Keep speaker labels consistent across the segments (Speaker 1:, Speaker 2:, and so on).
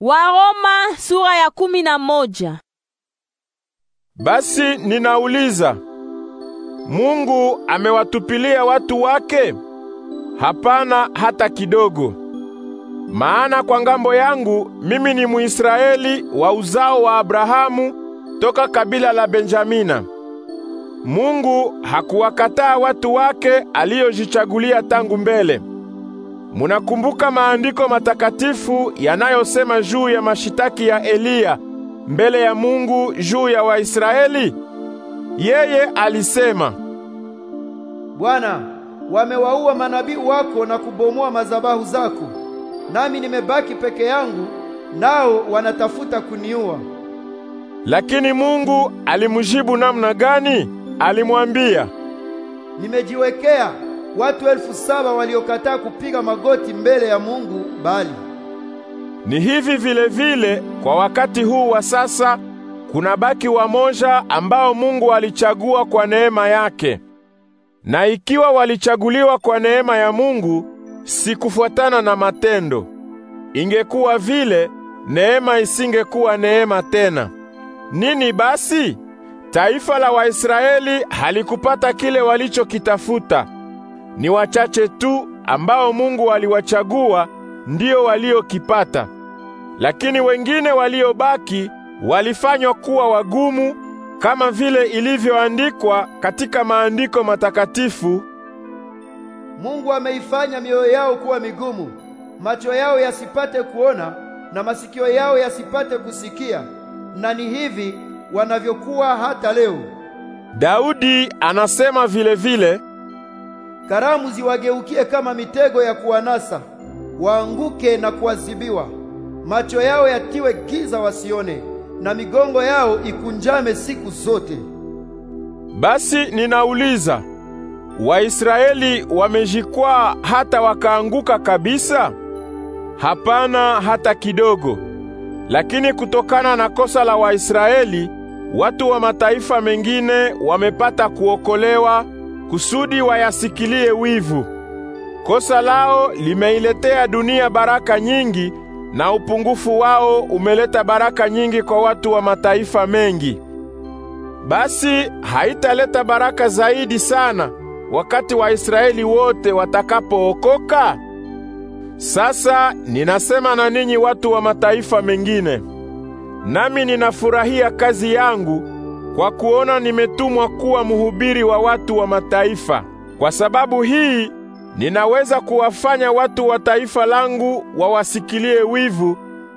Speaker 1: Waroma sura ya kumi na moja. Basi ninauliza, Mungu amewatupilia watu wake? Hapana hata kidogo. Maana kwa ngambo yangu mimi ni Muisraeli wa uzao wa Abrahamu toka kabila la Benjamina. Mungu hakuwakataa watu wake aliyojichagulia tangu mbele. Munakumbuka maandiko matakatifu yanayosema juu ya mashitaki ya Eliya mbele ya Mungu juu ya Waisraeli? Yeye alisema, Bwana, wamewaua
Speaker 2: manabii wako na kubomoa mazabahu zako, nami nimebaki peke yangu,
Speaker 1: nao wanatafuta kuniua. Lakini Mungu alimjibu namna gani? Alimwambia, nimejiwekea watu elfu saba waliokataa kupiga magoti mbele ya Mungu Baali. Ni hivi vile vile kwa wakati huu wa sasa kuna baki wamoja ambao Mungu alichagua kwa neema yake. Na ikiwa walichaguliwa kwa neema ya Mungu si kufuatana na matendo, ingekuwa vile neema isingekuwa neema tena. Nini basi? Taifa la Waisraeli halikupata kile walichokitafuta. Ni wachache tu ambao Mungu aliwachagua ndio waliokipata, lakini wengine waliobaki walifanywa kuwa wagumu, kama vile ilivyoandikwa katika maandiko matakatifu:
Speaker 2: Mungu ameifanya mioyo yao kuwa migumu, macho yao yasipate kuona na masikio yao yasipate kusikia, na ni hivi wanavyokuwa hata leo. Daudi anasema vile vile, Karamu ziwageukie kama mitego ya kuwanasa, waanguke na kuadhibiwa. Macho yao yatiwe giza wasione, na migongo yao ikunjame siku zote.
Speaker 1: Basi ninauliza, Waisraeli wamejikwaa hata wakaanguka kabisa? Hapana, hata kidogo. Lakini kutokana na kosa la Waisraeli, watu wa mataifa mengine wamepata kuokolewa kusudi wayasikilie wivu. Kosa lao limeiletea dunia baraka nyingi na upungufu wao umeleta baraka nyingi kwa watu wa mataifa mengi. Basi haitaleta baraka zaidi sana wakati Waisraeli wote watakapookoka? Sasa ninasema na ninyi watu wa mataifa mengine. Nami ninafurahia kazi yangu kwa kuona nimetumwa kuwa mhubiri wa watu wa mataifa. Kwa sababu hii ninaweza kuwafanya watu wa taifa langu wawasikilie wivu,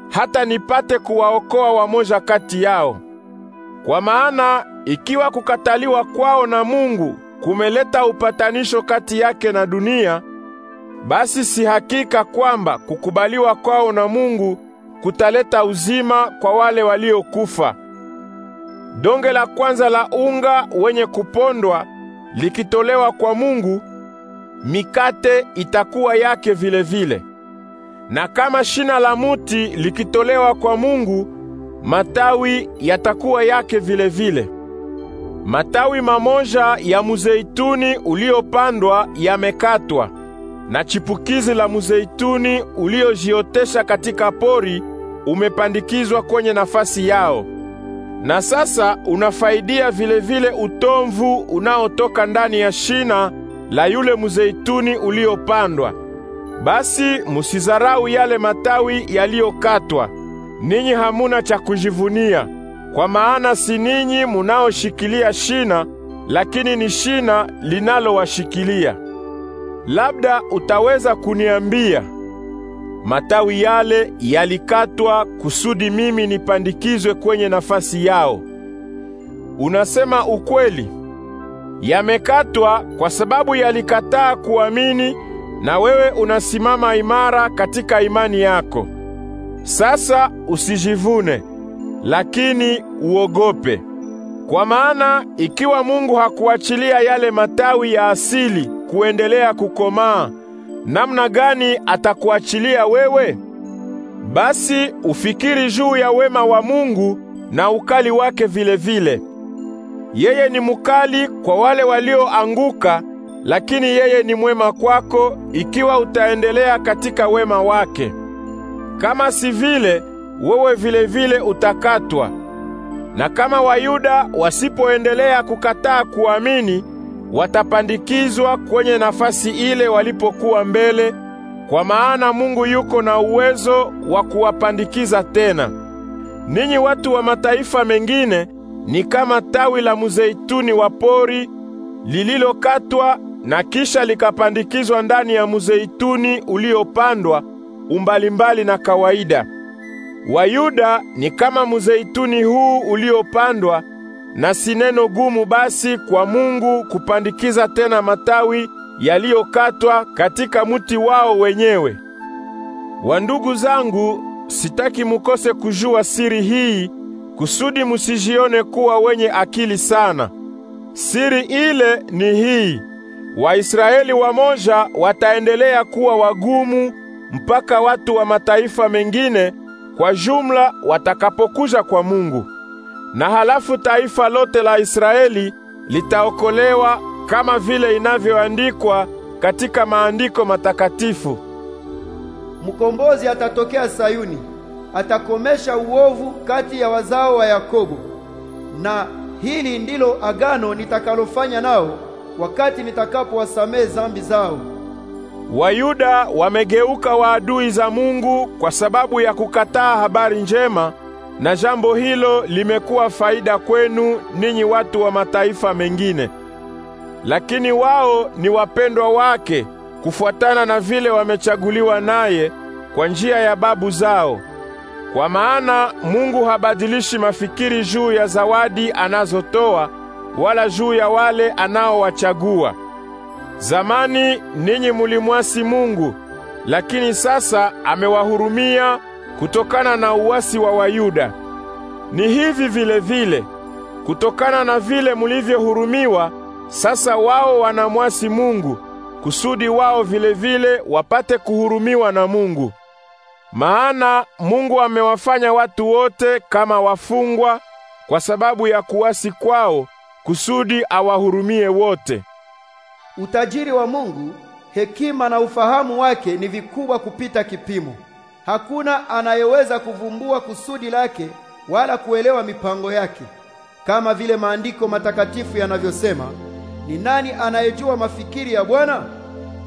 Speaker 1: hata nipate kuwaokoa wamoja kati yao. Kwa maana ikiwa kukataliwa kwao na Mungu kumeleta upatanisho kati yake na dunia, basi si hakika kwamba kukubaliwa kwao na Mungu kutaleta uzima kwa wale waliokufa donge la kwanza la unga wenye kupondwa likitolewa kwa Mungu, mikate itakuwa yake vilevile vile. Na kama shina la muti likitolewa kwa Mungu, matawi yatakuwa yake vilevile vile. Matawi mamoja ya muzeituni uliopandwa yamekatwa, na chipukizi la muzeituni uliojiotesha katika pori umepandikizwa kwenye nafasi yao na sasa unafaidia vilevile vile utomvu unaotoka ndani ya shina la yule muzeituni uliopandwa. Basi musizarau yale matawi yaliyokatwa. Ninyi hamuna cha kujivunia, kwa maana si ninyi munaoshikilia shina, lakini ni shina linalowashikilia. Labda utaweza kuniambia Matawi yale yalikatwa kusudi mimi nipandikizwe kwenye nafasi yao. Unasema ukweli. Yamekatwa kwa sababu yalikataa kuamini na wewe unasimama imara katika imani yako. Sasa usijivune, lakini uogope. Kwa maana ikiwa Mungu hakuachilia yale matawi ya asili kuendelea kukomaa, namna gani atakuachilia wewe? Basi ufikiri juu ya wema wa Mungu na ukali wake vilevile vile. Yeye ni mukali kwa wale walioanguka, lakini yeye ni mwema kwako ikiwa utaendelea katika wema wake. Kama si vile, wewe vile vile utakatwa. Na kama Wayuda wasipoendelea kukataa kuamini, watapandikizwa kwenye nafasi ile walipokuwa mbele, kwa maana Mungu yuko na uwezo wa kuwapandikiza tena. Ninyi watu wa mataifa mengine ni kama tawi la muzeituni wa pori lililokatwa na kisha likapandikizwa ndani ya muzeituni uliopandwa umbali mbali na kawaida. Wayuda ni kama muzeituni huu uliopandwa na si neno gumu basi kwa Mungu kupandikiza tena matawi yaliyokatwa katika muti wao wenyewe. Wandugu zangu, sitaki mukose kujua siri hii kusudi musijione kuwa wenye akili sana. Siri ile ni hii: Waisraeli wamoja wataendelea kuwa wagumu mpaka watu wa mataifa mengine kwa jumla watakapokuja kwa Mungu na halafu taifa lote la Israeli litaokolewa kama vile inavyoandikwa katika maandiko matakatifu. Mkombozi atatokea Sayuni,
Speaker 2: atakomesha uovu kati ya wazao wa Yakobo. Na hili ndilo agano nitakalofanya nao wakati nitakapowasamehe dhambi zao.
Speaker 1: Wayuda wamegeuka waadui za Mungu kwa sababu ya kukataa habari njema na jambo hilo limekuwa faida kwenu ninyi watu wa mataifa mengine. Lakini wao ni wapendwa wake kufuatana na vile wamechaguliwa naye kwa njia ya babu zao. Kwa maana Mungu habadilishi mafikiri juu ya zawadi anazotoa wala juu ya wale anaowachagua. Zamani ninyi mulimwasi Mungu, lakini sasa amewahurumia kutokana na uasi wa Wayuda. Ni hivi vile vile, kutokana na vile mulivyohurumiwa, sasa wao wanamwasi Mungu, kusudi wao vile vile wapate kuhurumiwa na Mungu. Maana Mungu amewafanya watu wote kama wafungwa kwa sababu ya kuasi kwao, kusudi awahurumie wote. Utajiri wa Mungu,
Speaker 2: hekima na ufahamu wake ni vikubwa kupita kipimo hakuna anayeweza kuvumbua kusudi lake wala kuelewa mipango yake. Kama vile maandiko matakatifu yanavyosema, ni nani anayejua mafikiri ya Bwana?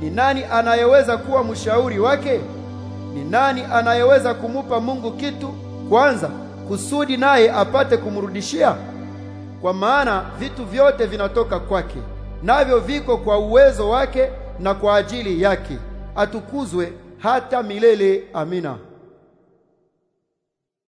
Speaker 2: Ni nani anayeweza kuwa mshauri wake? Ni nani anayeweza kumupa Mungu kitu kwanza kusudi naye apate kumrudishia? Kwa maana vitu vyote vinatoka kwake, navyo viko kwa uwezo wake na kwa ajili yake. Atukuzwe hata milele. Amina.